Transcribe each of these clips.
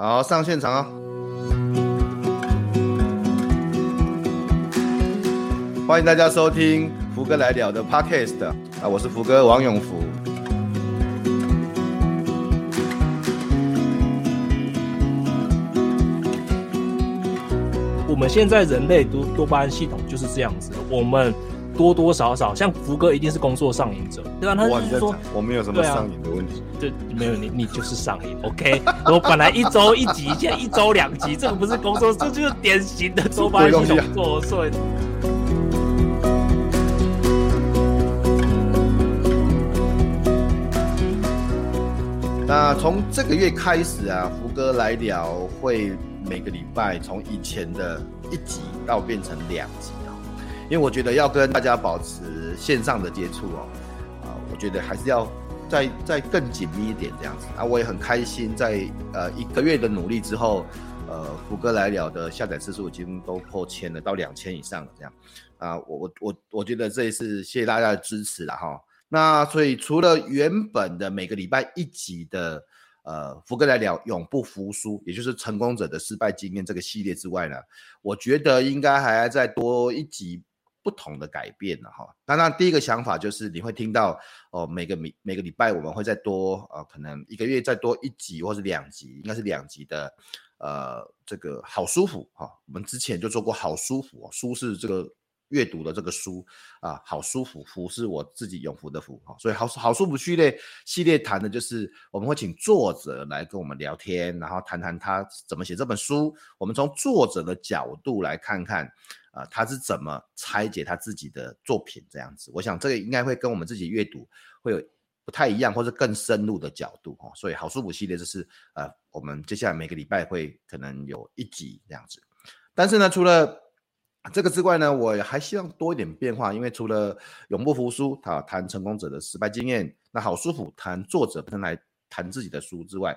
好，上現場哦！歡迎大家收聽福哥來聊的 Podcast 啊，我是福哥王永福。我們現在人類多多巴胺系統就是這樣子，我們。多多少少，像福哥一定是工作上癮者，對吧？哇他說，我沒有什麼上癮的問題對、啊。對，沒有你，你就是上癮。 OK，我本來一周一集，現在一周兩集，這個不是工作，這 就，就是典型的周班系作週八日工作。啊、所以 那從這個月開始啊，福哥來聊會，每個禮拜從以前的一集到變成兩集。因為我覺得要跟大家保持線上的接觸哦，啊、呃，我覺得還是要再再更緊密一點這樣子。啊，我也很開心在，在呃一個月的努力之後，呃，福哥來聊的下載次數已經都破千了，到兩千以上了這樣。啊，我我我我覺得這一次謝謝大家的支持了哈。那所以除了原本的每個禮拜一集的呃福哥來聊永不服輸，也就是成功者的失敗經驗這個系列之外呢，我覺得應該還要再多一集。不同的改變了、啊、哈，那那第一個想法就是你會聽到哦、呃，每個每個禮拜我們會再多啊、呃，可能一個月再多一集或是兩集，應該是兩集的，呃，這個好書福哈、呃。我們之前就做過好書福，書是這個閱讀的這個書啊、呃，好書福，福是我自己永福的福哈，所以好好書福系列系列談的就是我們會請作者來跟我們聊天，然後談談他怎麼寫這本書，我們從作者的角度來看看。啊，呃、他是怎麼拆解他自己的作品這樣子？我想這個應該會跟我們自己閱讀會有不太一樣，或是更深入的角度哈、哦。所以好書福系列就是呃，我們接下來每個禮拜會可能有一集這樣子。但是呢，除了這個之外呢，我還希望多一點變化，因為除了永不福輸啊，談成功者的失敗經驗，那好書福談作者能來談自己的書之外，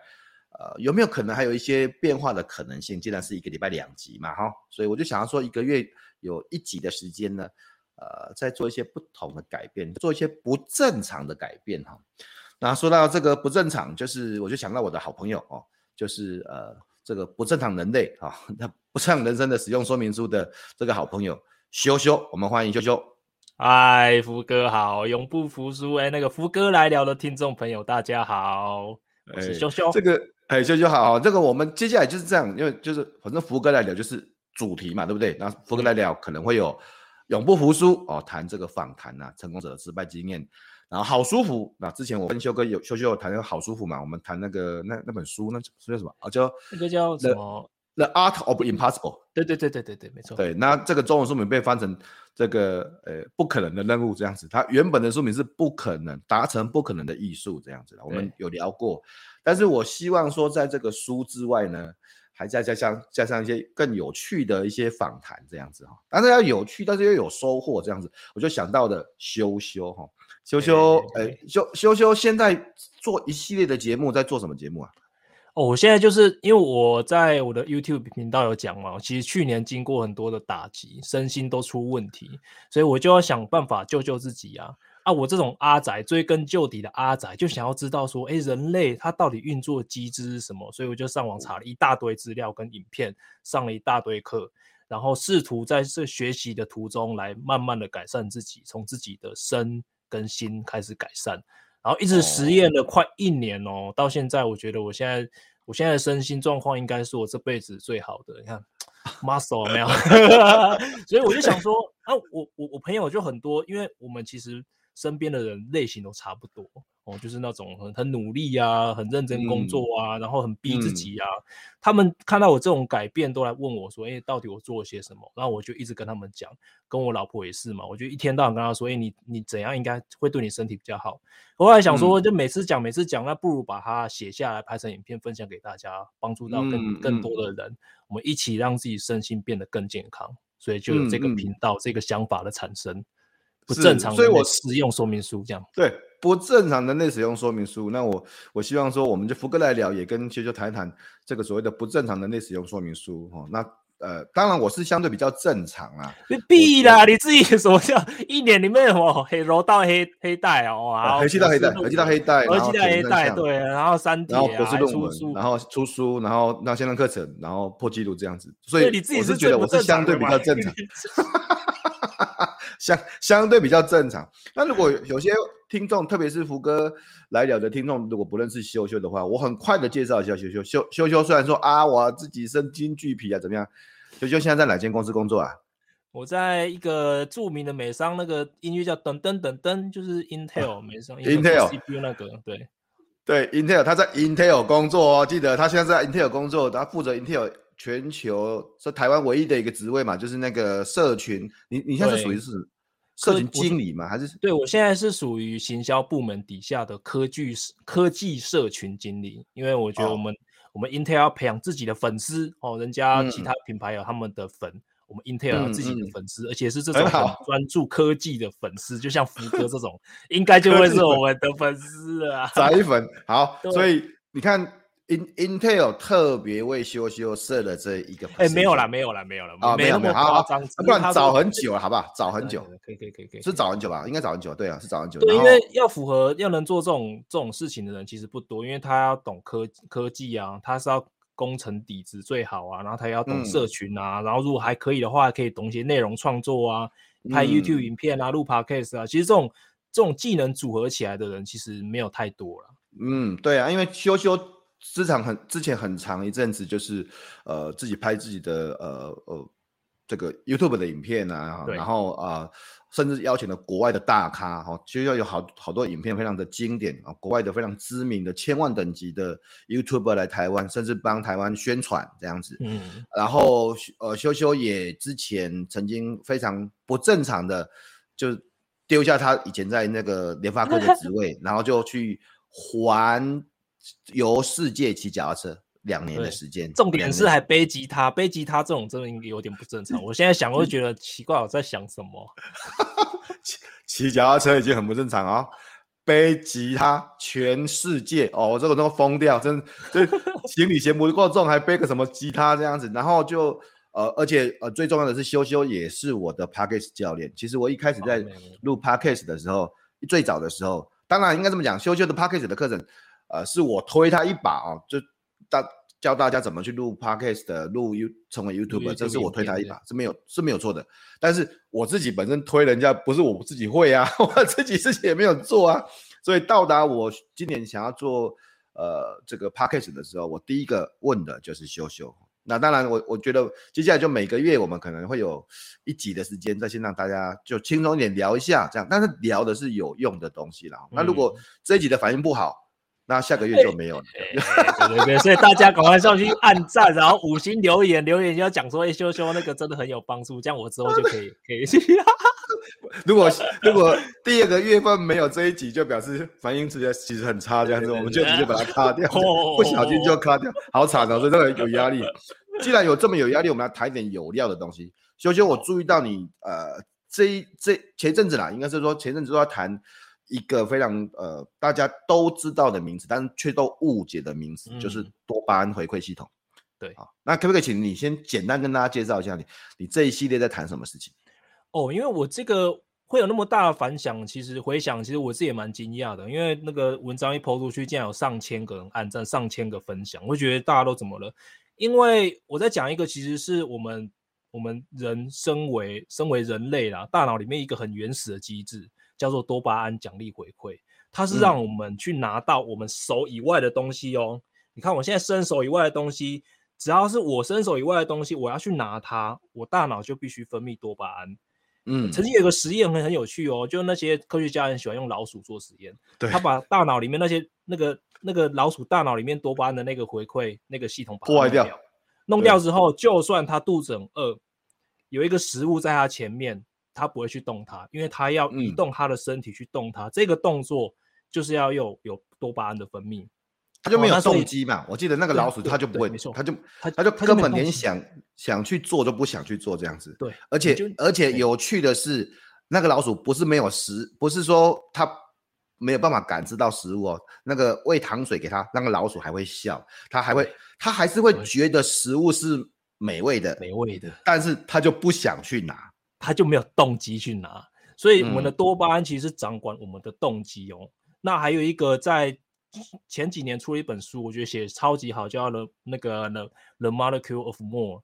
呃，有沒有可能還有一些變化的可能性？既然是一個禮拜兩集嘛哈，所以我就想要說一個月。有一集的時間呢，呃，在做一些不同的改變，做一些不正常的改變哈、哦。那說到這個不正常，就是我就想到我的好朋友哦，就是呃這個不正常人類啊、哦，那不正常人生的使用說明書的這個好朋友修修，我們歡迎修修。嗨，福哥好，永不服輸哎、欸，那個福哥來聊的聽眾朋友大家好，我是修修，欸、這個哎、欸、修修好，這個我們接下來就是這樣，因為就是反正福哥來聊就是。主題嘛，對不對？那福哥來聊可能會有永不福輸哦，談這個訪談吶、啊，成功者失敗經驗，然後好舒服。那、啊、之前我跟修哥有修修有談那個好舒服嘛，我們談那個那那本書，那書叫什麼？啊，叫那個叫什麼 The,？The Art of Impossible。對、嗯、對對對對對，沒錯。對，那這個中文書名被翻成這個呃不可能的任務這樣子，它原本的書名是不可能達成不可能的藝術這樣子的。我們有聊過，嗯、但是我希望說，在這個書之外呢。嗯還加加加上一些更有趣的一些訪談這樣子哈，但是要有趣，但是又有收穫這樣子，我就想到了修修哈，修修哎修修修現在做一系列的節目，在做什麼節目啊？哦，我現在就是因為我在我的 YouTube 頻道有講嘛，其實去年經過很多的打擊，身心都出問題，所以我就要想辦法救救自己啊。啊，我這種阿宅、追根究底的阿宅，就想要知道說，欸，人類它到底運作機制是什麼？所以我就上網查了一大堆資料跟影片，上了一大堆課，然後試圖在這學習的途中來慢慢的改善自己，從自己的身跟心開始改善，然後一直實驗了快一年哦，到現在我覺得我現在，我現在身心狀況應該是我這輩子最好的。你看 ，muscle 沒有， 所以我就想說，啊，我我我朋友就很多，因為我們其實。身邊的人類型都差不多哦，就是那種很很努力啊，很認真工作啊，嗯、然後很逼自己啊。嗯嗯、他們看到我這種改變，都來問我說：“哎、欸，到底我做了些什麼？”然後我就一直跟他們講，跟我老婆也是嘛。我就一天到晚跟她說：“哎、欸，你你怎樣應該會對你身體比較好。”後來想說，嗯、就每次講每次講，那不如把它寫下來，拍成影片，分享給大家，幫助到更更多的人。嗯嗯、我們一起讓自己身心變得更健康。所以就有這個頻道，嗯嗯、這個想法的產生。不正常，所以我使用說明書這樣。對，不正常人類使用說明書。那我我希望說，我們就福哥來聊，也跟修修談談這個所謂的不正常人類使用說明書。哈，那呃，當然我是相對比較正常啊。你必啦，你自己什麼叫一年裡面哦，黑揉到黑黑帶哦，啊，耳機到黑帶，耳機到黑帶，耳機到黑帶，對，然後三 D，然後博士論文，然後出書，然後那線上課程，然後破紀錄這樣子。所以你自己是覺得我是相對比較正常。相相對比較正常。那如果有些聽眾， 特別是福哥來聊的聽眾，如果不認識修修的話，我很快的介紹一下修修。修修修雖然說啊，我自己身金巨皮啊，怎麼樣？修修現在在哪間公司工作啊？我在一個著名的美商，那個音樂叫等等等噔，就是 Intel，啊，美商。Intel CPU 那個，對對，Intel，他在 Intel 工作哦。記得他現在在 Intel 工作，他負責 Intel 全球是台灣唯一的一個職位嘛，就是那個社群。你你現在屬於是？社群經理嗎？還是？對，我現在是屬於行銷部門底下的科技科技社群經理，因為我覺得我們、哦、我們 Intel 要培養自己的粉絲哦，人家其他品牌有他們的粉，嗯、我們 Intel 有自己的粉絲，嗯嗯，而且是這種很專注科技的粉絲，好就像福哥這種， 應該就會是我們的粉絲啊，宅粉好，對所以你看。In, Intel 特別為修修設了這一個，哎、欸，沒有啦，沒有啦，沒有啦啊，沒那麼誇張，不然早很久了，好不好？早很久，可以，可以，可以，可以，是早很久吧？應該早很久，對啊，是早很久。對，然後，因為要符合要能做這種這種事情的人其實不多，因為他要懂科科技啊，他是要工程底子最好啊，然後他要懂社群啊，嗯、然後如果還可以的話，可以懂一些內容創作啊，拍 YouTube 影片啊，錄、嗯、Podcast 啊，其實這種這種技能組合起來的人其實沒有太多了。嗯，對啊，因為修修。之前很，之前很長一陣子，就是呃自己拍自己的呃呃這個 YouTube 的影片啊，對然後啊、呃、甚至邀請了國外的大咖哈，其實要有好好多影片非常的經典啊，國外的非常知名的千萬等級的 YouTuber 來台灣，甚至幫台灣宣傳這樣子。嗯、然後呃修修也之前曾經非常不正常的就丟下他以前在那個聯發科的職位， 然後就去還。遊世界騎腳踏車兩年的時間，重點是還背吉他，背吉他這種真的有點不正常。是我現在想，我會覺得奇怪，我在想什麼？騎騎腳踏車已經很不正常啊、哦，背吉他，全世界 哦，我這個都瘋掉，真這行李箱不夠重， 還背個什麼吉他這樣子，然後就呃，而且呃，最重要的是，修修也是我的 Podcast 教練。其實我一開始在錄 Podcast 的時候，啊、最早的時候，當然應該這麼講，修修的 Podcast 的課程，呃，是我推他一把哦、啊，就大教大家怎麼去錄 podcast 的，錄 You 成為 YouTuber，對這是我推他一把，對是沒有是沒有錯的。但是我自己本身推人家，不是我自己會啊，我自己自己也沒有做啊，所以到達我今年想要做呃這個 podcast 的時候，我第一個問的就是修修。那當然我，我我覺得接下來就每個月我們可能會有一集的時間，再先讓大家就輕鬆一點聊一下，這樣，但是聊的是有用的東西啦。嗯、那如果這一集的反應不好，那下個月就沒有了，欸欸、對對，對 所以大家趕快上去按讚，然後五星留言， 留言就要講說哎，修、欸、修那個真的很有幫助，這樣我之後就可以、嗯、可以。 如果如果第二個月份沒有這一集，就表示反應直接其實很差，這樣子對對對，我們就直接把它卡掉，不、啊、小心就卡掉，好慘啊、哦！所以這個有壓力。 既然有這麼有壓力，我們來談點有料的東西。修修，我注意到你呃，這一這一前一陣子啦，應該是說前一陣子都要談。一個非常呃大家都知道的名字，但是卻都誤解的名字，嗯、就是多巴胺回饋系統。對好、哦，那可不可以請你先簡單跟大家介紹一下你，你你這一系列在談什麼事情？哦，因為我這個會有那麼大的反響，其實回想，其實我自己也蠻驚訝的，因為那個文章一拋出去，竟然有上千個人按讚，上千個分享，我覺得大家都怎麼了？因為我在講一個，其實是我們我們人身為身為人類啦，大腦裡面一個很原始的機制。叫做多巴胺獎勵回饋，它是讓我們去拿到我們手以外的東西哦。嗯，你看，我現在伸手以外的東西，只要是我伸手以外的東西，我要去拿它，我大腦就必須分泌多巴胺。嗯，曾經有個實驗很很有趣哦，就那些科學家很喜歡用老鼠做實驗，對他把大腦裡面那些那個那個老鼠大腦裡面多巴胺的那個回饋那個系統破壞掉，掉弄掉之後，對就算它肚子很餓，有一個食物在它前面。他不會去動它，因為他要移動他的身體去動它。這個動作就是要有有多巴胺的分泌，他就沒有動機嘛。我記得那個老鼠他就不會，沒錯，他就他就根本連想想去做都不想去做這樣子。對，而且而且有趣的是，那個老鼠不是沒有食，不是說它沒有辦法感知到食物哦。那個餵糖水給他，那個老鼠還會笑，它還會，它還是會覺得食物是美味的，美味的，但是它就不想去拿。他就沒有動機去拿，所以我們的多巴胺其實是掌管我們的動機哦。嗯、那還有一個在前幾年出了一本書，我覺得寫得超級好，叫《那個 The m o t u l e of More》，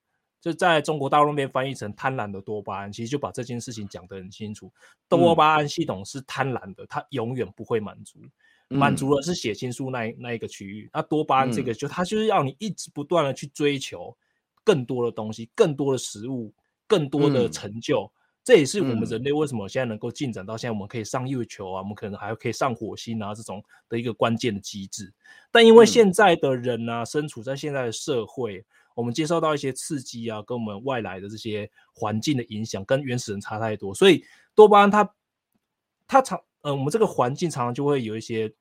就在中國大陸面，翻譯成《貪婪的多巴胺》，其實就把這件事情講得很清楚。嗯、多巴胺系統是貪婪的，它永遠不會滿足，嗯、滿足的是寫新書那那一個區域，那多巴胺這個就、嗯、它就是要你一直不斷的去追求更多的東西，更多的食物。更多的成就，嗯、這也是我們人類為什麼現在能夠進展到現在，我們可以上月球啊，嗯、我們可能還可以上火星啊，這種的一個關鍵的機制。但因為現在的人啊，嗯、身處在現在的社會，我們接受到一些刺激啊，跟我們外來的這些環境的影響，跟原始人差太多，所以多巴胺它它長。他常嗯、呃，我們這個環境常常就會有一些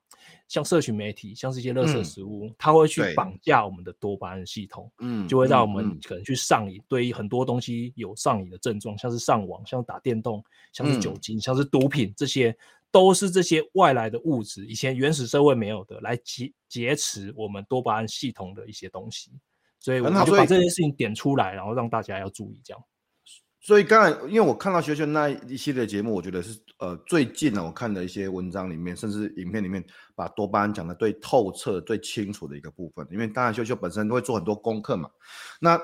像社群媒體，像是一些垃圾食物，嗯、它會去綁架我們的多巴胺系統，嗯，就會讓我們可能去上癮。嗯、對於很多東西有上癮的症狀，像是上網、像打電動、像是酒精、嗯、像是毒品，這些都是這些外來的物質，以前原始社會沒有的，來劫劫持我們多巴胺系統的一些東西。所以我們就把這件事情點出來，然後讓大家要注意這樣。所以剛才，因為我看到修修那一系列節目，我覺得是呃最近呢、啊，我看的一些文章裡面，甚至影片裡面，把多巴胺講得最透徹、最清楚的一個部分。因為當然修修本身都會做很多功課嘛。那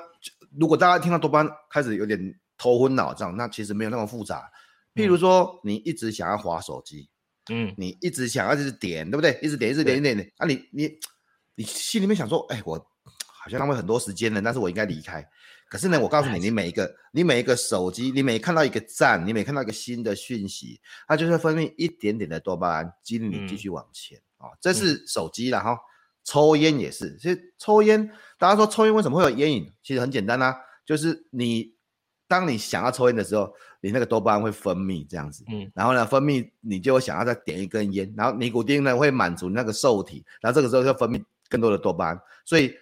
如果大家聽到多巴胺開始有點頭昏腦脹，那其實沒有那麼複雜。嗯、譬如說，你一直想要滑手機，嗯，你一直想要就是點，對不對？一直點，一直點，對一點點。那、啊、你你你，你心裡面想說，哎、欸，我好像浪費很多時間了，但是我應該離開。可是呢，我告訴你，你每一個，你每一個手機，你每看到一個讚，你每看到一個新的訊息，它就是分泌一點點的多巴胺，激勵你繼續往前啊。嗯嗯、這是手機，然後抽菸也是。其實抽菸，大家說抽菸為什麼會有菸癮？其實很簡單啦、啊，就是你當你想要抽菸的時候，你那個多巴胺會分泌這樣子，嗯，然後呢分泌，你就會想要再點一根菸，然後尼古丁呢會滿足那個受體，然後這個時候就分泌更多的多巴胺，所以。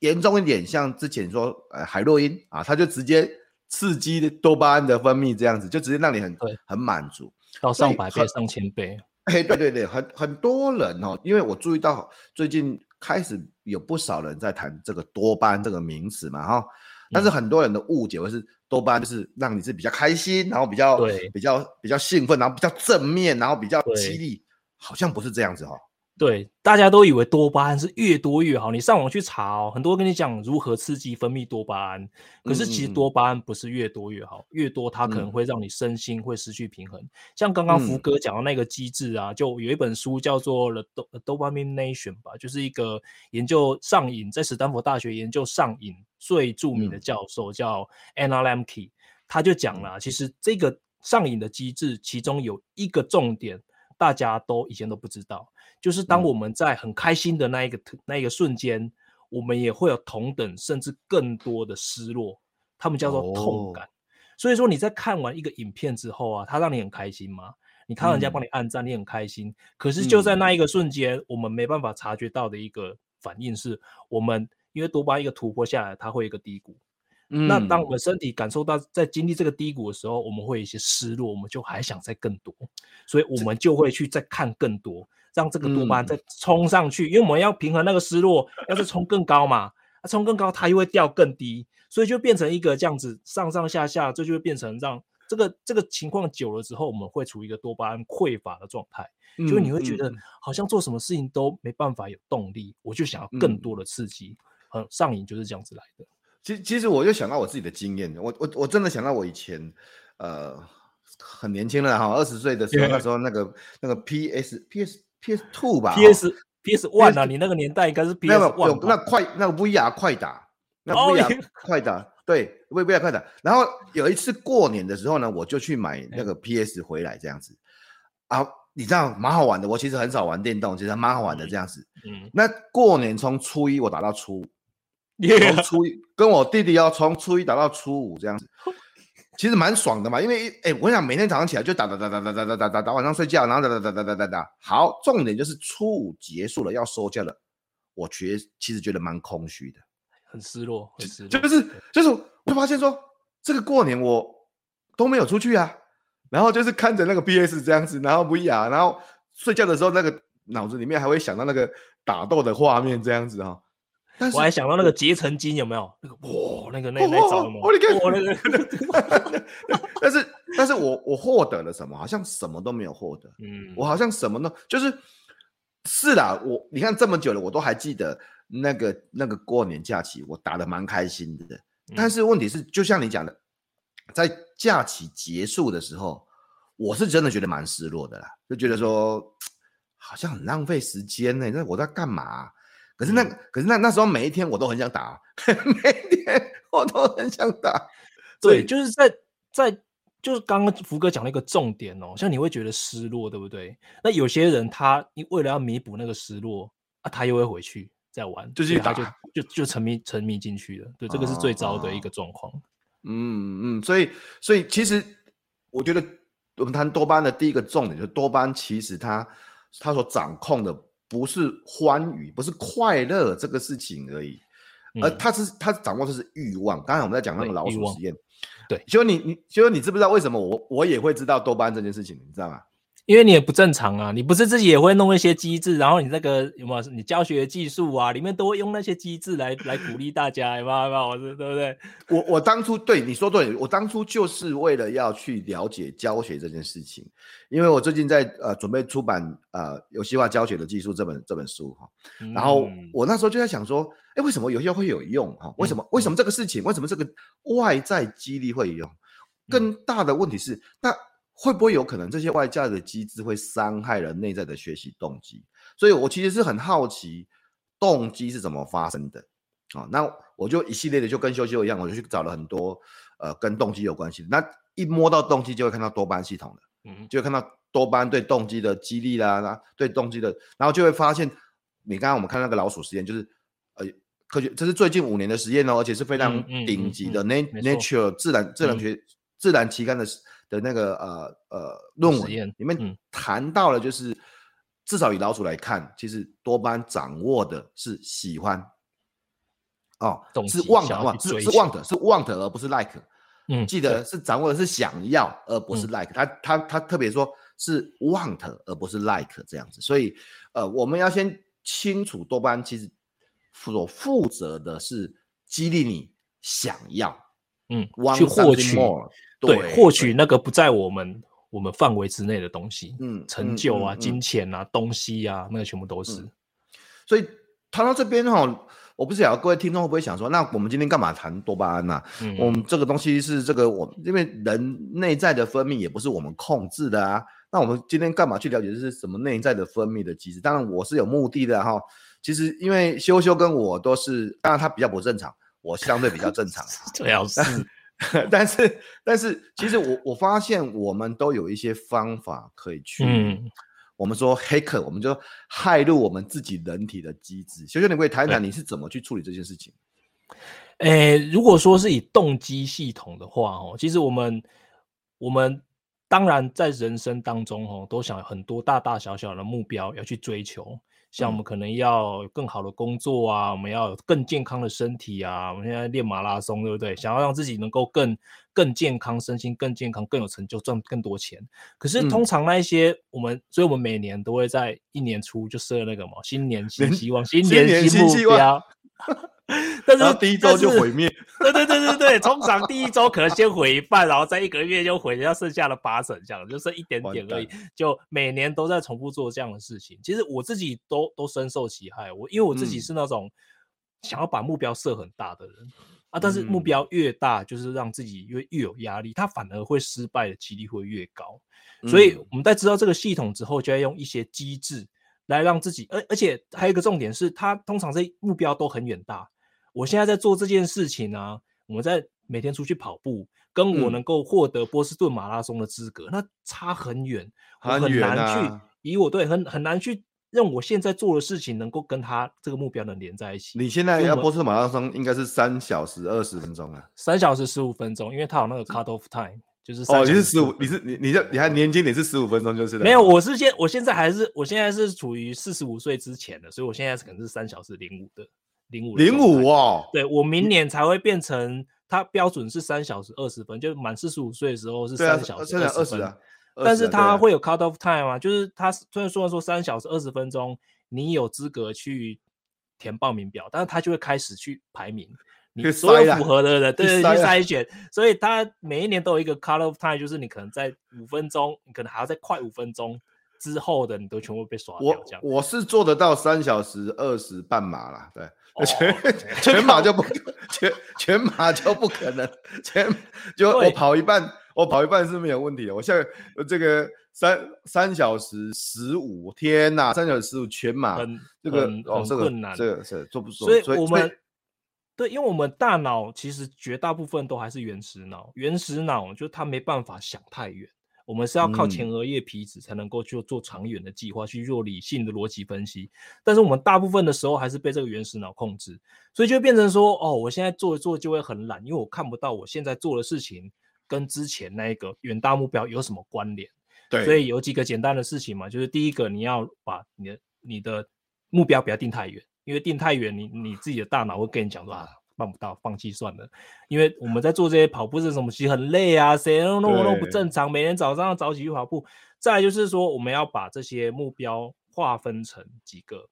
嚴重一點，像之前說，呃，海洛因啊，它就直接刺激多巴胺的分泌，這樣子就直接讓你很對很滿足，到上百倍、上千倍。欸，對對對，很很多人哦，因為我注意到最近開始有不少人在談這個多巴胺這個名詞嘛哈，但是很多人的誤解，或是多巴胺就是讓你是比較開心，然後比較對比較比較興奮，然後比較正面，然後比較激勵，對好像不是這樣子哈。對，大家都以為多巴胺是越多越好。你上網去查、哦，很多人跟你講如何刺激分泌多巴胺，可是其實多巴胺不是越多越好，嗯、越多它可能會讓你身心會失去平衡。嗯、像剛剛福哥講的那個機制啊，嗯、就有一本書叫做 The《The Dopamine Nation》吧，就是一個研究上癮，在史丹佛大學研究上癮最著名的教授叫 Anna Lembke、嗯、他就講了，其實這個上癮的機制其中有一個重點。大家都以前都不知道，就是當我們在很開心的那一個、嗯、那一個瞬間，我們也會有同等甚至更多的失落，他們叫做痛感。哦、所以說你在看完一個影片之後啊，他讓你很開心嗎？你看人家幫你按讚，你很開心，嗯、可是就在那一個瞬間，我們沒辦法察覺到的一個反應是，嗯、我們因為多巴胺一個突破下來，它會有一個低谷。那當我們身體感受到在經歷這個低谷的時候，嗯、我們會有一些失落，我們就還想再更多，所以我們就會去再看更多，嗯、讓這個多巴胺再衝上去，因為我們要平衡那個失落。要是衝更高嘛，那、啊、衝更高它又會掉更低，所以就變成一個這樣子上上下下，這就，就會變成讓這，這個這個情況久了之後，我們會處於一個多巴胺匱乏的狀態，嗯、就你會覺得、嗯、好像做什麼事情都沒辦法有動力，我就想要更多的刺激，很、嗯嗯、上癮就是這樣子來的。其其實我就想到我自己的經驗，我我我真的想到我以前，呃，很年輕了哈，二十歲的時候，對那時候那個那個 P S P S P S Two 吧，P S P S One 啊，PS, 你那個年代應該是 P S One，那,那快那 V R 快打，那 V R 快打，oh, 對 V V R 快打。然後有一次過年的時候呢，我就去買那個 P S 回來這樣子，啊，你知道蠻好玩的。我其實很少玩電動，其實蠻好玩的這樣子。嗯，那過年從初一我打到初五。初一跟我弟弟要從初一打到初五這樣子，其實蠻爽的嘛。因為哎，我想每天早上起來就打打打打打打打打打，打晚上睡覺，然後打打打打打打打。好，重點就是初五結束了要收假了，我覺其實覺得蠻空虛的，很失落，就是就是就是，我會發現說這個過年我都沒有出去啊。然後就是看着那個 PS 這樣子，然後不一樣，然後睡覺的時候那個腦子裡面還會想到那個打鬥的畫面這樣子哦。但是我，我還想到那個結成金有沒有？那個哇我、哦，那個那個找什麼那個那個。那個、 但是，但是我我獲得了什麼？好像什麼都沒有獲得。嗯，我好像什麼呢？就是是啦。我你看這麼久了，我都還記得那個那個過年假期，我打得蠻開心的。但是問題是，就像你講的，在假期結束的時候，我是真的覺得蠻失落的啦，就覺得說好像很浪費時間呢、欸。那我在幹嘛？可是那，嗯、可是那那時候每一天我都很想打， 每一天我都很想打。對，就是在在就是剛剛福哥講了一個重點哦，像你會覺得失落，對不對？那有些人他你為了要彌補那個失落啊，他又會回去再玩，就是打就就，就沉迷沉迷進去了。對，啊、這個是最糟的一個狀況。啊啊、嗯嗯，所以所以其實我覺得我們談多巴胺的第一個重點就是多巴胺其實它它所掌控的。不是歡愉，不是快樂這個事情而已，嗯、而他是他掌握的是慾望。剛才我們在講那個老鼠實驗，嗯、慾望，對，就你你就你知不知道為什麼我我也會知道多巴胺這件事情，你知道嗎？因為你也不正常啊，你不是自己也會弄一些機制，然後你那個有沒有你教學技術啊，裡面都會用那些機制來來鼓勵大家，有沒有？是是我是對不對？我我當初對你說對，我當初就是為了要去了解教學這件事情，因為我最近在呃準備出版呃遊戲化教學的技術這本這本書哈，嗯、然後我那時候就在想說，哎，為什麼遊戲會有用哈？為什麼、嗯、為什麼這個事情？為什麼這個外在激勵會有用？更大的問題是、嗯、那。會不會有可能這些外在的機制會傷害人內在的學習動機？所以我其實是很好奇，動機是怎麼發生的啊？那我就一系列的就跟修修一樣，我就去找了很多呃跟動機有關係的。那一摸到動機就會看到多巴胺系統的，嗯，就會看到多巴胺對動機的激勵啦，對動機的，然後就會發現，你剛剛我們看那個老鼠實驗，就是呃科學，這是最近五年的實驗哦，而且是非常頂級的，Nature 自然自然學自然期刊的。的那個呃呃論文，你們談到了，就是至少以老鼠來看，嗯、其實多巴胺掌握的是喜歡哦總是，是 want 是 want，是 want 而不是 like、嗯。記得是掌握的是想要，而不是 like、嗯，他。他他他特別說是 want 而不是 like 這樣子，所以呃，我們要先清楚多巴胺其實所負責的是激勵你想要，嗯，want something more, 去獲取。對，獲取對那個不在我們對我們範圍之內的東西，嗯，成就啊、金錢啊、嗯嗯、東西啊，西啊嗯、那個全部都是。所以談到這邊哈、哦，我不曉得各位聽眾會不會想說，那我們今天幹嘛談多巴胺啊？嗯、我們這個東西是這個，我因為人內在的分泌也不是我們控制的啊。那我們今天幹嘛去了解是什麼內在的分泌的機制？當然我是有目的的哈、啊。其實因為修修跟我都是，當然他比較不正常，我相對比較正常，主要 是。 但是，但是，其實我我發現，我們都有一些方法可以去。嗯，我們說黑客，我們就駭入我們自己人體的機制。修修、嗯，你可以談談你是怎麼去處理這件事情？誒、欸，如果說是以動機系統的話哦，其實我們我們當然在人生當中哦，都想很多大大小小的目標要去追求。像我們可能要有更好的工作啊，我們要有更健康的身體啊，我們現在練馬拉松，對不對？想要讓自己能夠更更健康，身心更健康，更有成就，賺更多錢。可是通常那一些我們，嗯、所以我們每年都會在一年初就設那個嘛，新年新希望， 新年新目標。 但是第一周就毀滅，對 對對對對，通常第一周可能先毀一半， 然後再一個月就毀掉，剩下的八成這樣，就剩一點點而已。完蛋。就每年都在重複做這樣的事情。其實我自己都都深受其害，我因為我自己是那種想要把目標設很大的人，嗯、啊，但是目標越大，就是讓自己越越有壓力，他反而會失敗的幾率會越高。嗯、所以我們在知道這個系統之後，就要用一些機制來讓自己，而而且還有一個重點是他，他通常這目標都很遠大。我現在在做這件事情啊，我們在每天出去跑步，跟我能夠獲得波士頓馬拉松的資格，嗯、那差很遠，很、啊、我很難去以我對很很難去讓我現在做的事情能夠跟他這個目標能連在一起。你現在要波士頓馬拉松應該是三小時二十分鐘啊。三小時十五分鐘，因為它有那個 cut off time，就是三小時十五分鐘。哦，你是十五，你是你你是你還年輕，你是十五分鐘就是 沒有，我是現我現在還是我現在是處於四十五歲之前的，所以我現在是可能是三小時零五的。零五零五哦，對我明年才會變成，它標準是三小時二十分，嗯、就滿四十五歲的時候是三小時二十分，啊、了了但是它會有 cut off time 啊，了就是它雖然說說三小時二十分鐘，啊、你有資格去填報名表，但是它就會開始去排名，你所有符合的人，啊、對去篩選，以啊、所以它每一年都有一個 cut off time，就是你可能在五分鐘，你可能還要再快五分鐘。之後的你都全部被耍掉，我是做得到三小時二十半馬啦，對，全全馬就不全全馬就不可能，全就我跑一半，我跑一半是沒有問題的。我現在這個三三小時十五天吶，三小時十五全馬，很這個哦，這個很難，這個是做不做？所以我們對，因為我們大腦其實絕大部分都還是原始腦，原始腦就他沒辦法想太遠。我們是要靠前額葉皮質才能夠去做長遠的計劃，嗯、去做理性的邏輯分析。但是我們大部分的時候還是被這個原始腦控制，所以就變成說，哦，我現在做一做就會很懶，因為我看不到我現在做的事情跟之前那一個遠大目標有什麼關聯。對所以有幾個簡單的事情嘛，就是第一個，你要把你的你的目標不要定太遠，因為定太遠，你你自己的大腦會跟你講話。啊辦不到，放棄算了。因為我們在做這些跑步是什麼，其實很累啊，誰都弄不弄不正常。對每天早上早起去跑步。再來就是說，我們要把這些目標劃分成幾個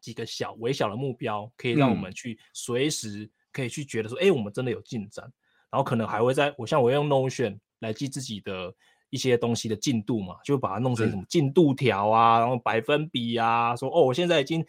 幾個小微小的目標，可以讓我們去隨時可以去覺得說，哎、嗯，我們真的有進展。然後可能還會在，我像我用 Notion 來記自己的一些東西的進度嘛，就把它弄成什麼進度條啊，嗯、然後百分比啊，說哦，我現在已經。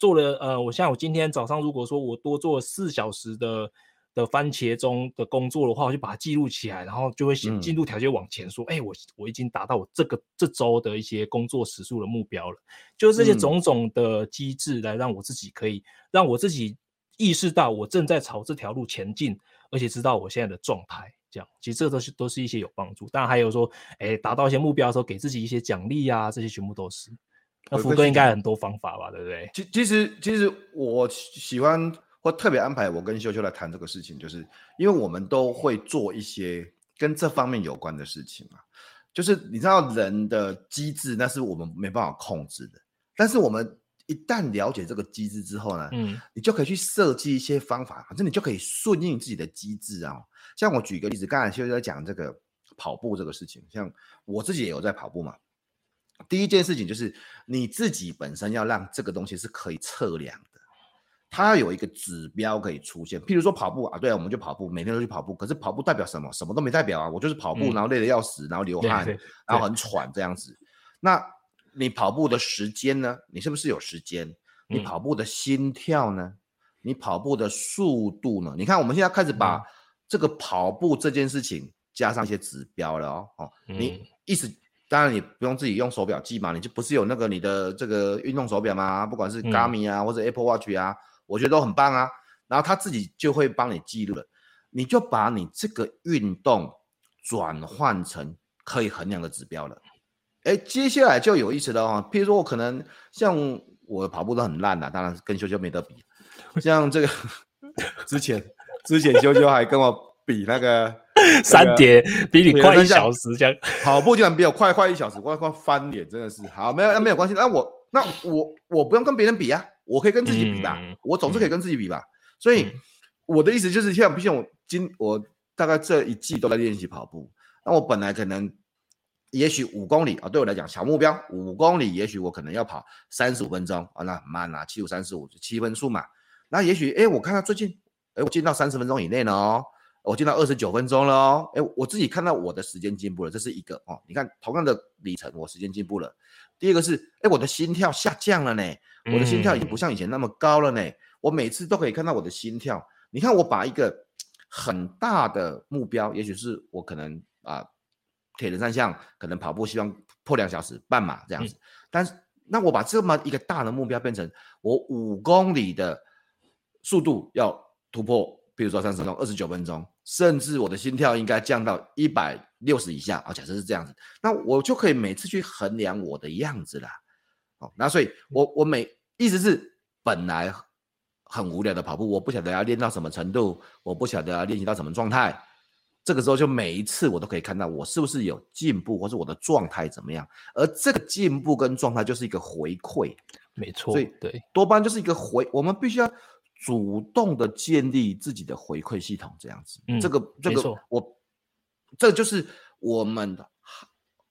做了呃，我像我今天早上，如果說我多做了四小時的的番茄鐘的工作的話，我就把它記錄起來，然後就會進度條就往前說，哎、嗯欸，我我已經達到我這個這周的一些工作時數的目標了。就是這些種種的機制，來讓我自己可以、嗯、讓我自己意識到我正在朝這條路前進，而且知道我現在的狀態。這樣其實這都是都是一些有幫助。當然還有說，哎、欸，達到一些目標的時候，給自己一些獎勵啊，這些全部都是。那福哥應該很多方法吧，對不對？其其實其實我喜歡或特別安排我跟修修來談這個事情，就是因為我們都會做一些跟這方面有關的事情嘛。就是你知道人的機制，那是我們沒辦法控制的。但是我們一旦了解這個機制之後呢，嗯，你就可以去設計一些方法，反正你就可以順應自己的機制啊。像我舉個例子，剛才修修在講這個跑步這個事情，像我自己也有在跑步嘛。第一件事情就是你自己本身要讓這個東西是可以測量的，它要有一個指標可以出現。譬如說跑步啊，對啊，我們就跑步，每天都去跑步。可是跑步代表什麼？什麼都沒代表啊，我就是跑步，然後累得要死，然後流汗，然後很喘這樣子。那你跑步的時間呢？你是不是有時間？你跑步的心跳呢？你跑步的速度呢？你看我們現在開始把這個跑步這件事情加上一些指標了哦哦，你一直。當然你不用自己用手錶記嘛，你就不是有那個你的這個運動手錶嘛？不管是 Garmin 啊、嗯、或者 Apple Watch 啊，我覺得都很棒啊。然後它自己就會幫你記錄了，你就把你這個運動轉換成可以衡量的指標了。哎、欸，接下來就有意思了哈，譬如說我可能像我跑步都很爛啦，當然跟修修沒得比。像這個 之前之前修修還跟我比那個。三點比你快一小時，這,這樣跑步竟然比我快快一小時，快快翻臉真的是好沒有那沒有關係，那我那我我不用跟別人比啊，我可以跟自己比吧，我總是可以跟自己比吧。所以我的意思就是像不像我今我大概這一季都在練習跑步，那我本來可能也許五公里啊，對我來講小目標五公里，也許我可能要跑三十五分鐘啊，那很慢啦、啊，七五三十五七分速嘛。那也許哎，我看到最近哎，我進到三十分鐘以內呢。哦。我進到二十九分鐘了哦，哎、欸，我自己看到我的時間進步了，這是一個哦。你看同樣的里程，我時間進步了。第二個是，哎、欸，我的心跳下降了呢，我的心跳已經不像以前那麼高了呢。嗯、我每次都可以看到我的心跳。你看，我把一個很大的目標，也許是我可能啊，呃、鐵人三項可能跑步希望破兩小時半馬這樣子，嗯、但是那我把這麼一個大的目標變成我五公里的速度要突破。比如說三十分鐘、二十九分鐘，甚至我的心跳應該降到一百六十以下。哦，假設是這樣子，那我就可以每次去衡量我的樣子了。哦，那所以我，我我每意思是，本來很無聊的跑步，我不曉得要練到什麼程度，我不曉得要練習到什麼狀態。這個時候，就每一次我都可以看到我是不是有進步，或是我的狀態怎麼樣。而這個進步跟狀態就是一個回饋，沒錯錯。所以，對多巴胺就是一個回，對我們必須要。主動的建立自己的回饋系統，這樣子、嗯這個，這個這個沒錯 我，這個、就是我們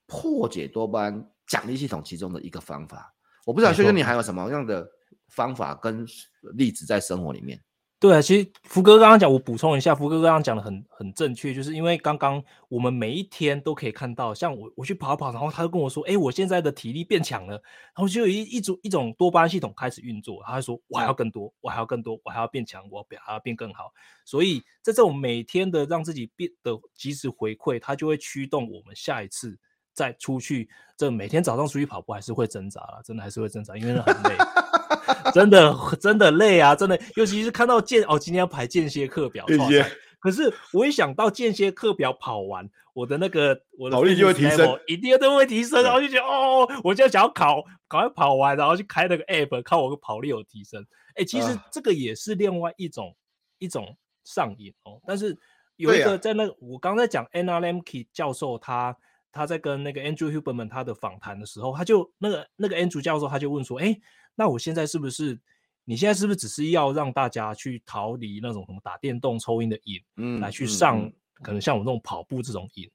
破解多巴胺獎勵系統其中的一個方法。我不知道，修修，你還有什麼樣的方法跟例子在生活裡面？對啊，其實福哥哥剛剛講，我補充一下，福哥哥哥剛剛講得很很正確，就是因為剛剛我們每一天都可以看到，像我我去跑跑，然後他就跟我說，哎，我現在的體力變強了，然後就有一一種一種多巴胺系統開始運作，他就說還說，我還要更多，我還要更多，我還要變強，我還要變，還要變更好，所以在這種每天的讓自己變得及時回饋，它就會驅動我們下一次再出去，這每天早上出去跑步還是會掙扎啦，真的還是會掙扎，因為很累。 真的真的累啊！真的，尤其是看到間哦，今天要排間歇課表。間歇， 可是我一想到間歇課表跑完，我的那個我跑力就會提升，一定都會提升。對然後就覺得哦，我就想要考，趕快跑完，然後去開那個 app 看我的跑力有提升。哎、欸，其實這個也是另外一種 一種上癮哦。但是有一個在那個，啊、我剛才講 Anna Lembke 教授他，他他在跟那個 Andrew Huberman 他的訪談的時候，他就那個那個 Andrew 教授，他就問說，哎、欸。那我現在是不是？你現在是不是只是要讓大家去逃離那種什麼打電動抽、抽煙的癮，來去上、嗯嗯、可能像我這種跑步這種癮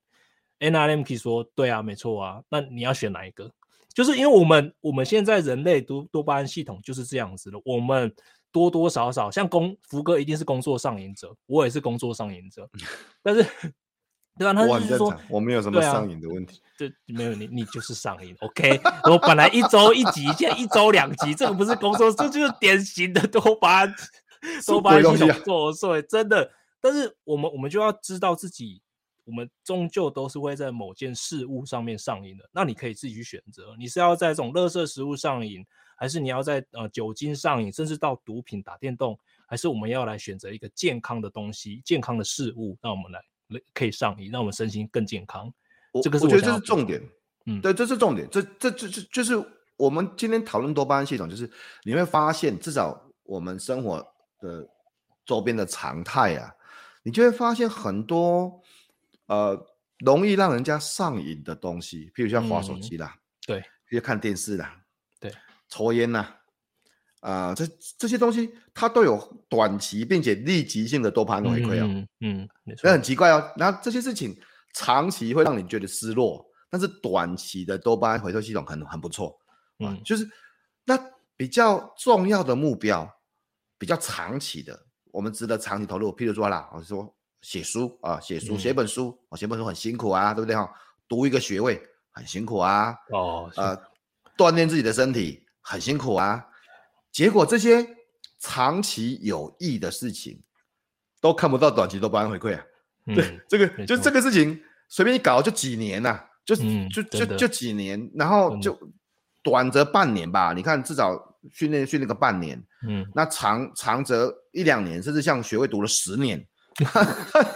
？NRMK 說：“對啊，沒錯啊。”那你要選哪一個？就是因為我們我們現在人類多多巴胺系統就是這樣子的。我們多多少少像工福哥一定是工作上癮者，我也是工作上癮者，嗯、但是。對啊，他是說我，很正常，我沒有什麼上癮的問題，對、啊，沒有你，你就是上癮。 OK，我本來一周一集， 現在一周兩集，這個不是工作，這 就，就是典型的多巴胺多巴胺系統作祟，真的。但是我們我們就要知道自己，我們終究都是會在某件事物上面上癮的。那你可以自己去選擇，你是要在這種垃圾食物上癮，還是你要在呃酒精上癮，甚至到毒品打電動，還是我們要來選擇一個健康的東西、健康的事物？讓我們來。可以上癮，讓我們身心更健康。我，我，我覺得這是重點，嗯、對，這是重點。這這這這，就是我們今天討論多巴胺系統，就是你會發現，至少我們生活的周邊的常態啊，你就會發現很多呃容易讓人家上癮的東西，譬如像滑手機啦，嗯、對，比如看電視啦，對，抽菸呐、啊。啊、呃，這這些東西它都有短期並且立即性的多巴胺回饋啊、哦嗯，嗯，所以很奇怪哦。那這些事情長期會讓你覺得失落，但是短期的多巴胺回饋系統可能很不錯啊、嗯呃。就是那比較重要的目標，比較長期的，我們值得長期投入。譬如說啦，我說寫書啊、呃，寫書寫本書，我、嗯、寫本書很辛苦啊，對不對哈？讀一個學位很辛苦啊，哦啊、呃，鍛鍊自己的身體很辛苦啊。結果這些長期有益的事情，都看不到短期多巴胺回饋啊！對，這個就這個事情，隨便一搞，就幾年吶，就就就就幾年，然後就短則半年吧，你看至少訓練訓練個半年，嗯，那長長則一兩年，甚至像學位讀了十年，哈哈。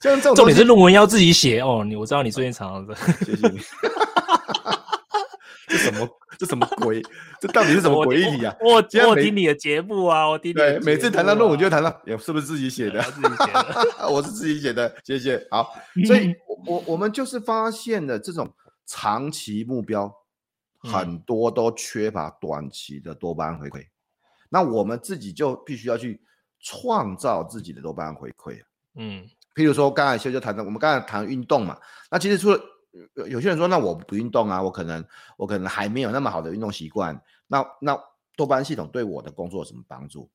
這重點是論文要自己寫哦，你我知道你最近常常在，謝這什麼？這什麼鬼？ 這到底是什麼鬼理啊？我我，我聽你的節目啊，我聽你的節目，啊。你每次談到論文，啊，就談到，是不是自己寫的？我是自己寫的， 謝謝。好，所以，嗯，我我們就是發現了這種長期目標，很多都缺乏短期的多巴胺回饋。嗯，那我們自己就必須要去創造自己的多巴胺回饋。嗯，譬如說剛才修修談到，我們剛才談運動嘛，那其實除了。有有些人說，那我不運動啊，我可能我可能還沒有那麼好的運動習慣。那那多巴胺系統對我的工作有什麼幫助？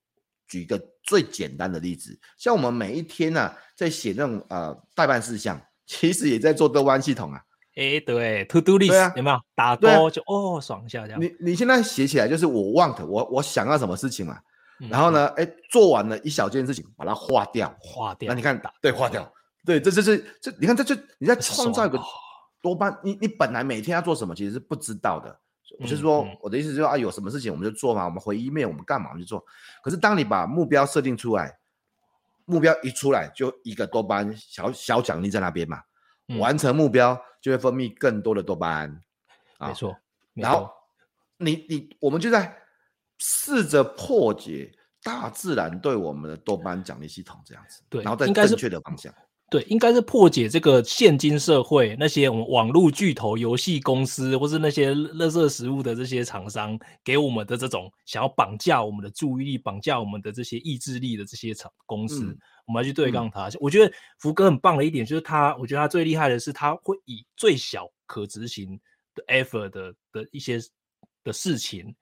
舉一個最簡單的例子，像我們每一天呢、啊，在寫那種呃待辦事項，其實也在做多巴胺系統啊。哎、欸，對，to do list、啊、有沒有打多就對、啊、哦爽一下這樣。你你現在寫起來就是我 want 我我想要什麼事情嘛、啊？嗯嗯然後呢，哎、欸，做完了一小件事情，把它劃掉，劃掉。那你看打對劃掉，對，對，這就是這你看這就你在創造一個。多巴，你你本來每天要做什麼，其實是不知道的。嗯、就是說，我的意思就是啊，有什麼事情我們就做嘛，嗯、我們回 E-mail，我們幹嘛我們就做。可是當你把目標設定出來，目標一出來，就一個多巴胺小小獎勵在那邊嘛。嗯、完成目標就會分泌更多的多巴胺，沒錯。然後你你我們就在試着破解大自然對我們的多巴胺獎勵系統，這樣子。對，然後在正確的方向。對，應該是破解這個現今社會那些我們網絡巨頭、遊戲公司，或是那些垃圾食物的這些廠商給我們的這種想要綁架我們的注意力、綁架我們的這些意志力的這些廠公司，嗯、我們要去對抗它。嗯、我覺得福哥很棒的一點就是他，我覺得他最厲害的是他會以最小可執行的 effort 的、的一些的事情。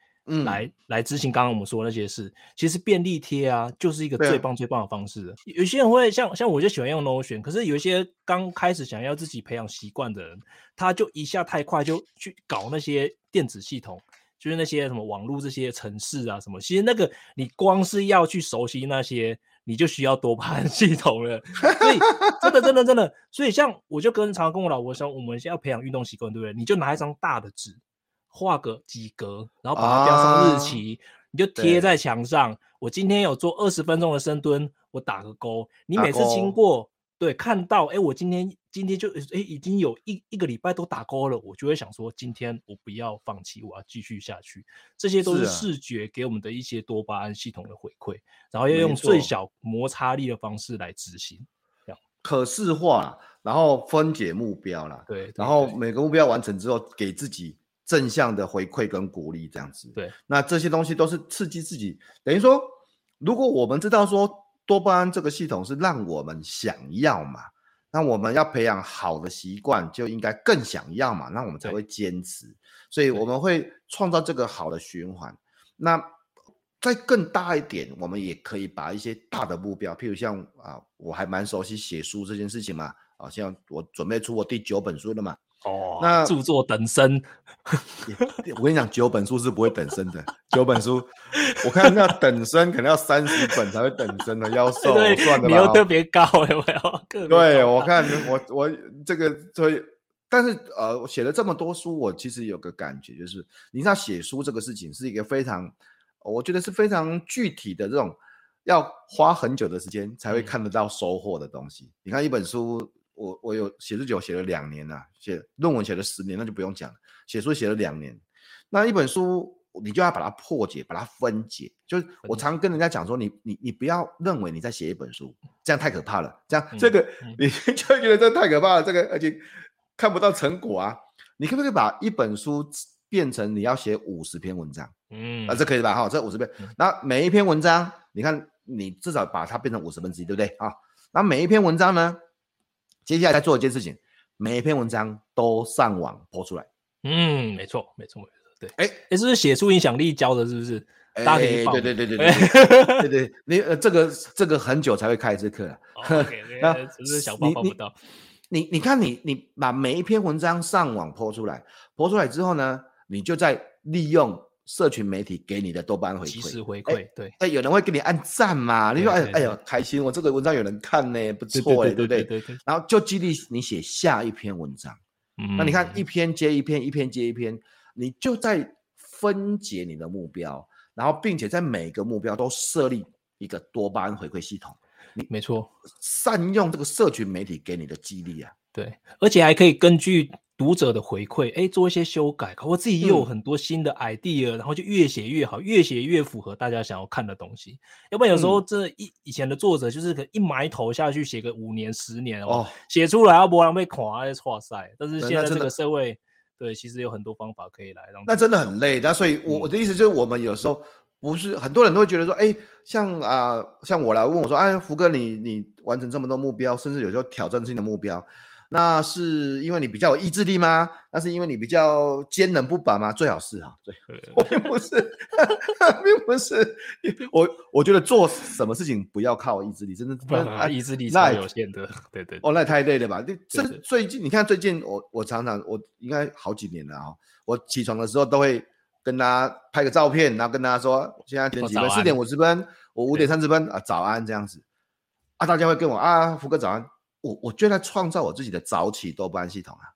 來來執行剛剛我們說的那些事，其實便利貼啊，就是一個最棒最棒的方式。對有些人會像像，我就喜歡用 Notion，可是有一些剛開始想要自己培養習慣的人，他就一下太快就去搞那些電子系統，就是那些什麼網絡這些程式啊什麼。其實那個你光是要去熟悉那些，你就需要多巴胺系統了。所以真的真的真的， 所以像我就跟常常跟我老婆說，我，我們現在要培養運動習慣，對不對？你就拿一張大的紙。畫個幾格，然後把它標上日期，啊、你就貼在牆上。對我今天有做二十分鐘的深蹲，我打個勾。勾你每次經過，對，看到，哎、欸，我今天今天就哎、欸、已經有一一個禮拜都打勾了，我就會想說，今天我不要放棄，我要繼續下去。這些都是視覺給我們的一些多巴胺系統的回饋，啊、然後要用最小摩擦力的方式來執行，錯樣可視化，然後分解目標啦，對、對、對、對，然後每個目標完成之後，給自己。正向的回饋跟鼓勵這樣子，對，那這些東西都是刺激自己。等於說，如果我們知道說多巴胺這個系統是讓我們想要嘛，那我們要培養好的習慣，就應該更想要嘛，那我們才會堅持。對 所以我們會創造這個好的循環。對 那再更大一點，我們也可以把一些大的目標，譬如像啊，我還蠻熟悉寫書這件事情嘛，啊，像我準備出我第九本書了嘛。哦，oh, 那著作等身，我跟你講， 九本書是不會等身的。 九本書，我看要等身， 可能要三十本才會等身的，夭壽對算的吧？你又特別高有沒有？對，我看我我這個所以，但是呃，寫了這麼多書，我其實有個感覺，就是你知道，寫書這個事情是一個非常，我覺得是非常具體的這種，要花很久的時間才會看得到收穫的東西。嗯，你看一本書。我我有寫久寫了兩年了，寫論文寫了十年，那就不用講了。寫書寫了兩年，那一本書你就要把它破解，把它分解。就是我常跟人家講說，你你你不要認為你在寫一本書，這樣太可怕了。這樣這個、嗯嗯、你就覺得這太可怕了，這個而且看不到成果啊。你可不可以把一本書變成你要寫五十篇文章？嗯，啊，這可以吧？哈、哦，這五十篇，那、嗯、每一篇文章，你看你至少把它變成五十分之一，對不對啊？那、哦、每一篇文章呢？接下來再做一件事情，每一篇文章都上網播出來。嗯，沒錯，沒錯，沒錯，對。哎、欸，哎、欸，是不是寫出影響力教的？是不是？哎、欸欸，對對對對、欸、對，對，對， 對，對對，你呃，這個這個很久才會開一次課。你你你你看你你把每一篇文章上網播出來，播、嗯、出來之後呢，你就再利用社群媒體給你的多巴胺回饋，及時回饋、欸對欸，有人會給你按讚嘛？對對對對你說，哎哎呦，開心，我這個文章有人看呢、欸，不錯哎、欸，對不對，對，對，對，對，對，對？對。然後就激勵你寫下一篇文章。嗯。那你看，一篇接一篇，一篇接一篇，你就在分解你的目標，然後並且在每個目標都設立一個多巴胺回饋系統。你沒錯，善用這個社群媒體給你的激勵啊，對，而且還可以根據。讀者的回饋，哎，做一些修改，我自己又有很多新的 idea，、嗯、然後就越寫越好，越寫越符合大家想要看的東西。要不然有時候這一、嗯、以前的作者就是可一埋頭下去寫個五年、十年哦，寫出來啊，不然被垮，哇塞！但是現在這個社會，嗯、對，其實有很多方法可以來，讓那真的很累。所以，我我的意思就是，我們有時候不是、嗯、很多人都會覺得說，哎，像啊、呃，像我來問我說，哎，福哥你，你你完成這麼多目標，甚至有時候挑戰性的目標。那是因為你比較有意志力嗎？那是因為你比較堅韌不拔嗎？最好是啊，最好對我並不是， 並不是。我我覺得做什麼事情不要靠意志力，真的，啊、 意志力太有限的。 對，對，對對，哦，那也太累了吧？對對對，這最近你看，最近，最近我我常常我應該好幾年了哈、哦。我起床的時候都會跟大家拍個照片，然後跟大家說：現在幾點幾分安點？四點五十分，我五點三十分對啊，早安這樣子。啊，大家會跟我啊，福哥早安。我我居然創造我自己的早起多巴胺系統啊！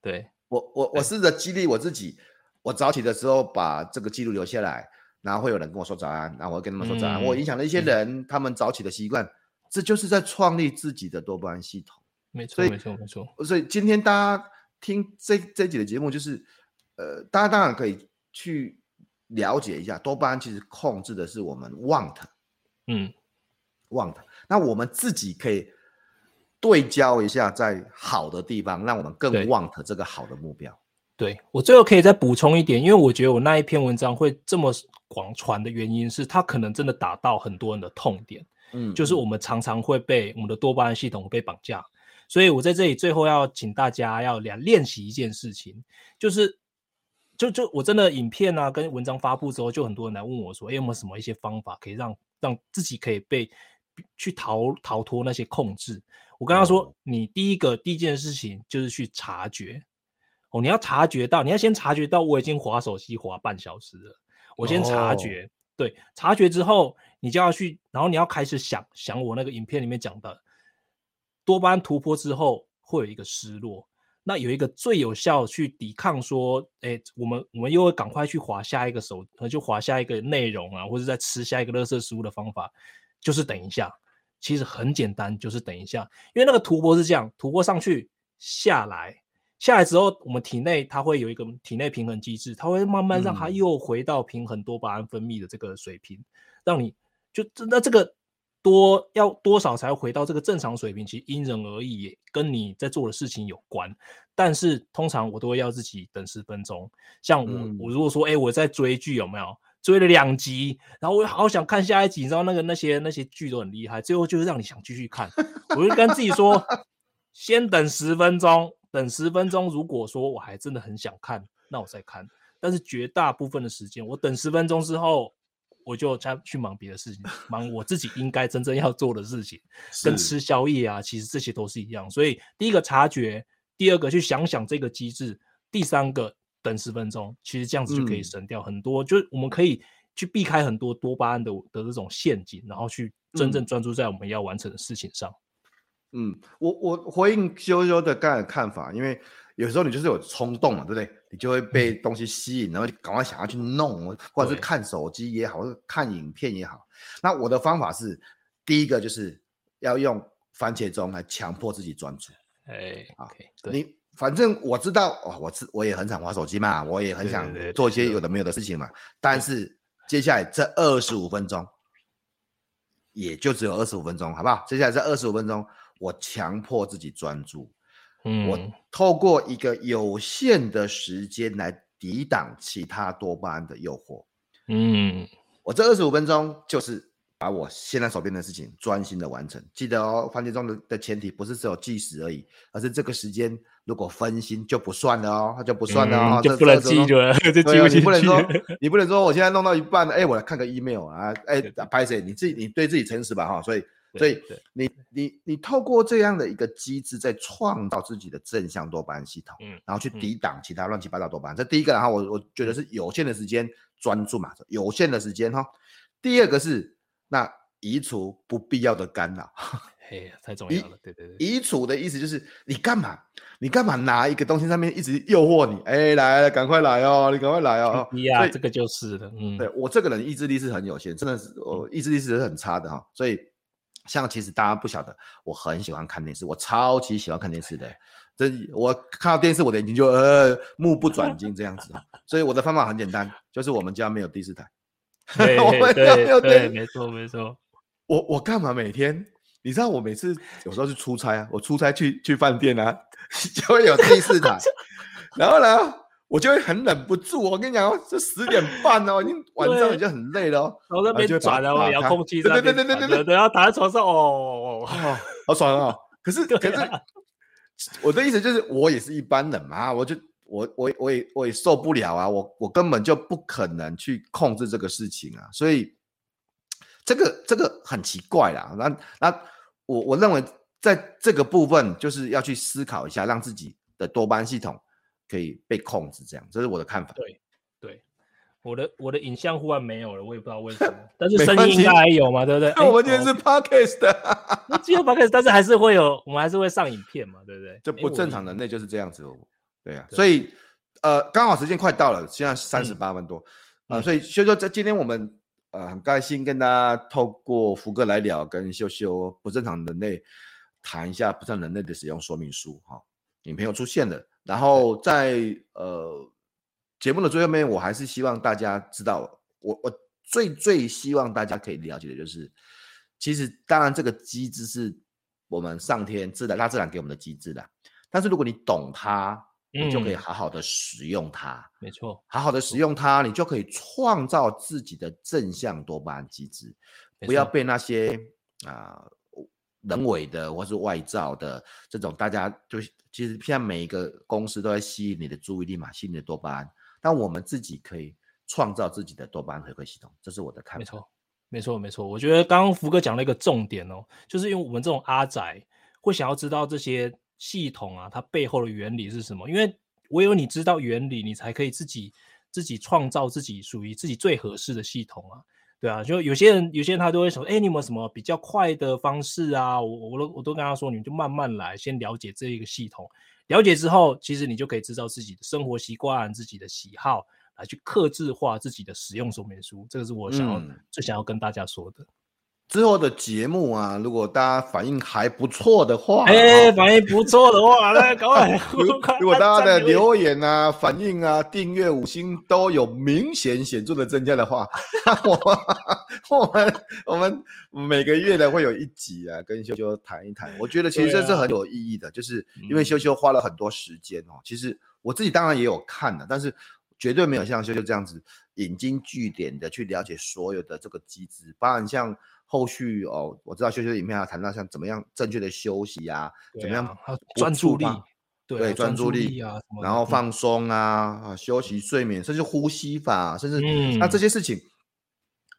對我我我試着激勵我自己，對我早起的時候把這個記錄留下來，然後會有人跟我說早安，然後我跟他們說早安，嗯、我影響了一些人，嗯、他們早起的習慣，這就是在創立自己的多巴胺系統，沒錯錯，以沒錯錯，沒錯。所以今天大家聽這這集的節目，就是呃，大家當然可以去了解一下多巴胺其實控制的是我們 want，嗯，want，那我們自己可以。對焦一下，在好的地方，讓我們更 want 這個好的目標。對，我最後可以再補充一點，因為我覺得我那一篇文章會這麼廣傳的原因是，它可能真的打到很多人的痛點。嗯，就是我們常常會被我們的多巴胺系統被綁架，所以我在這裡最後要請大家要練練習一件事情，就是就就我真的影片啊跟文章發布之後，就很多人來問我說，哎、欸，有沒有什麼一些方法可以讓讓自己可以被去逃逃脫那些控制？我跟他說，你第一個、oh. 第一件事情就是去察覺，哦，你要察覺到，你要先察覺到我已經滑手機滑半小時了，我先察覺，oh. 對，察覺之後，你就要去，然後你要開始想想我那個影片裡面講的多巴胺突破之後會有一個失落，那有一個最有效的去抵抗說，哎、欸，我們我們又會趕快去滑下一個手，就滑下一個內容啊，或者再吃下一個垃圾食物的方法，就是等一下。其實很簡單，就是等一下，因為那個突破是這樣，突破上去，下來，下來之後，我們體內它會有一個體內平衡機制，它會慢慢讓它又回到平衡多巴胺分泌的這個水平，嗯、讓你就那這個多要多少才回到這個正常水平，其實因人而異，也跟你在做的事情有關，但是通常我都會要自己等十分鐘，像我、嗯、我如果說哎我在追劇有沒有？追了兩集，然後我又好想看下一集，你知道那個那些那些劇都很厲害，最後就是讓你想繼續看。 我就跟自己說，先等十分鐘，等十分鐘。如果說我還真的很想看，那我再看。但是絕大部分的時間，我等十分鐘之後，我就再去忙別的事情， 忙我自己應該真正要做的事情，是跟吃宵夜啊，其實這些都是一樣。所以第一個察覺，第二個去想想這個機制，第三個。等十分鐘，其實這樣子就可以省掉很多，嗯、就是我們可以去避開很多多巴胺的的這種陷阱，然後去真正專注在我們要完成的事情上。嗯，我我回應修修的剛才的看法，因為有時候你就是有衝動嘛，對不對？你就會被東西吸引，然後趕快想要去弄，嗯、或者是看手機也好，對或者看影片也好。那我的方法是，第一個就是要用番茄鐘來強迫自己專注。哎，OK，你。反正我知道哦，我我也很想玩手機嘛，我也很想做一些有的沒有的事情嘛。對對對對，但是，對接下來這二十五分鐘，也就只有二十五分鐘，好不好？接下來這二十五分鐘，我強迫自己專注，嗯，我透過一個有限的時間來抵擋其他多巴胺的誘惑，嗯，我這二十五分鐘就是把我現在手邊的事情專心的完成。記得哦，番茄鐘的的前提不是只有計時而已，而是這個時間。如果分心就不算了哦，他就不算了哦，嗯、就不能記住了，就記不進去。你不能說，你不能說，我現在弄到一半了，哎，我來看個 email 啊，哎，歹勢，你自己，你對自己誠實吧，哈。所以，所以，你你你透過這樣的一個機制，在創造自己的正向多巴胺系統，然後去抵擋其他亂七八糟多巴胺。這第一個，然後我我覺得是有限的時間專注嘛，有限的時間哈。第二個是那移除不必要的干擾、嗯。哎，太重要了。對對對，移除的意思就是你幹嘛？你幹嘛拿一個東西上面一直誘惑你？哎，來了，趕快來哦！你趕快來哦！所以這個就是了。嗯，對我這個人意志力是很有限，真的是我意志力是很差的哈。所以像其實大家不曉得，我很喜歡看電視，我超級喜歡看電視的。這，我看到電視我的眼睛就呃目不轉睛這樣子。所以我的方法很簡單，就是我們家沒有第四台。對，沒錯沒錯。我我幹嘛每天？你知道我每次有時候是出差啊，我出差去去飯店啊， 就會有第四台， 然後呢，我就會很忍不住。我跟你講，這十點半啊、哦，已經晚上已經很累了、哦，對然後就那邊轉了嘛，遙控器，對對對對對對，然後躺在床上哦，好爽啊、哦。可是、啊、可是，我的意思就是，我也是一般人嘛，我就我我我也我也受不了啊，我我根本就不可能去控制這個事情啊，所以這個這個很奇怪啦。那那。我我認為在這個部分，就是要去思考一下，讓自己的多巴胺系統可以被控制，這樣，這是我的看法。對，對，我的我的影像忽然沒有了，我也不知道為什麼，但是聲音應該還有嘛，對不對？我們今天是 podcast，只有 podcast，但是還是會有，我們還是會上影片嘛，對不對？就不正常，人類就是這樣子。對啊，所以呃，剛好時間快到了，現在三十八分多啊，所以所以說在今天我們。呃，很開心跟大家透過福哥來聊跟修修不正常人類談一下不正常人類的使用說明書哈，你、哦，朋友出現了，然後在呃節目的最後面，我還是希望大家知道，我我最最希望大家可以了解的就是，其實當然這個機制是我們上天自然大自然給我們的機制啦，但是如果你懂它，你就可以好好的使用它，嗯、沒錯，好好的使用它，你就可以創造自己的正向多巴胺機制，沒錯，不要被那些啊、呃、人為的或是外造的這種，大家就其實現在每一個公司都在吸引你的注意力嘛，吸引你的多巴胺，但我們自己可以創造自己的多巴胺回饋系統，這是我的看法。沒錯，沒錯，沒錯。我覺得剛剛福哥講了一個重點哦，就是因為我們這種阿宅會想要知道這些。系統啊，它背後的原理是什麼？因為唯有你知道原理，你才可以自己自己創造自己屬於自己最合適的系統啊。對啊，就有些人有些人他都會說：“哎，你們什麼比較快的方式啊？”我我都我都跟他說：“你們就慢慢來，先了解這一個系統，了解之後，其實你就可以知道自己的生活習慣、自己的喜好，來去客製化自己的使用說明書。”這個是我想要、嗯、最想要跟大家說的。之後的節目啊，如果大家反應還不錯的話，誒、欸、反應不錯的話，那趕、 啊、快如，如果大家的留言啊、 反應啊、訂閱五星都有明顯顯著的增加的話，我們、我們、我們每個月呢會有一集啊， 跟修修談一談。對我覺得其實這是很有意義的，啊、就是因為修修花了很多時間哦。嗯、其實我自己當然也有看的，但是絕對沒有像修修這樣子引經據典的去了解所有的這個機制，包含像。後續哦，我知道修修裡面要談到像怎麼樣正確的休息啊，啊怎麼樣專注力，對專注力，對啊、專注力然後放鬆啊，嗯、休息睡眠，甚至呼吸法，甚至、嗯、那這些事情，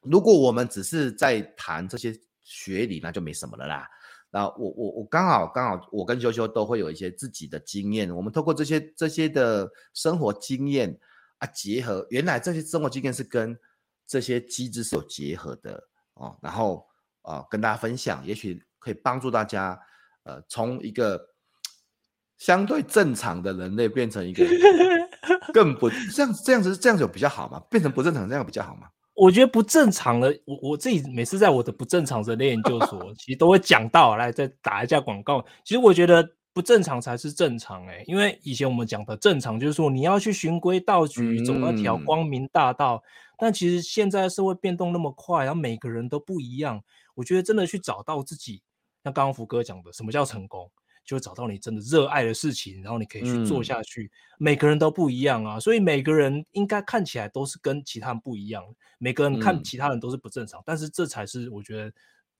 如果我們只是在談這些學理，那就沒什麼了啦。然後我我我剛好剛好，我跟修修都會有一些自己的經驗，我們透過這些這些的生活經驗啊，結合原來這些生活經驗是跟這些機制所結合的。哦，然後啊、呃，跟大家分享，也許可以幫助大家，呃，從一個相對正常的人類變成一個更不這樣 這樣子這樣子比較好嘛？變成不正常這樣比較好嘛？我覺得不正常的，我我自己每次在我的不正常人類研究所，其實都會講到 來再打一下廣告。其實我覺得。不正常才是正常誒、欸，因為以前我們講的正常，就是說你要去循規蹈矩，走那條光明大道。嗯、但其實現在社會變動那麼快，然後每個人都不一樣。我覺得真的去找到自己，像剛剛福哥講的，什麼叫成功？就找到你真的熱愛的事情，然後你可以去做下去。嗯、每個人都不一樣啊，所以每個人應該看起來都是跟其他人不一樣。每個人看其他人都是不正常，嗯、但是這才是我覺得。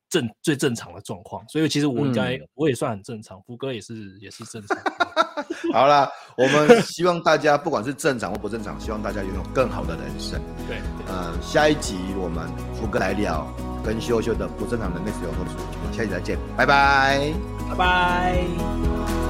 正最正常的狀況，所以其實我應該、嗯、我也算很正常，福哥也是也是正常。 好了，我們希望大家不管是正常或不正常，希望大家擁有更好的人生。 對，對呃，下一集我們福哥來聊跟修修的不正常人類研究所，我們下集再見，拜拜，拜拜。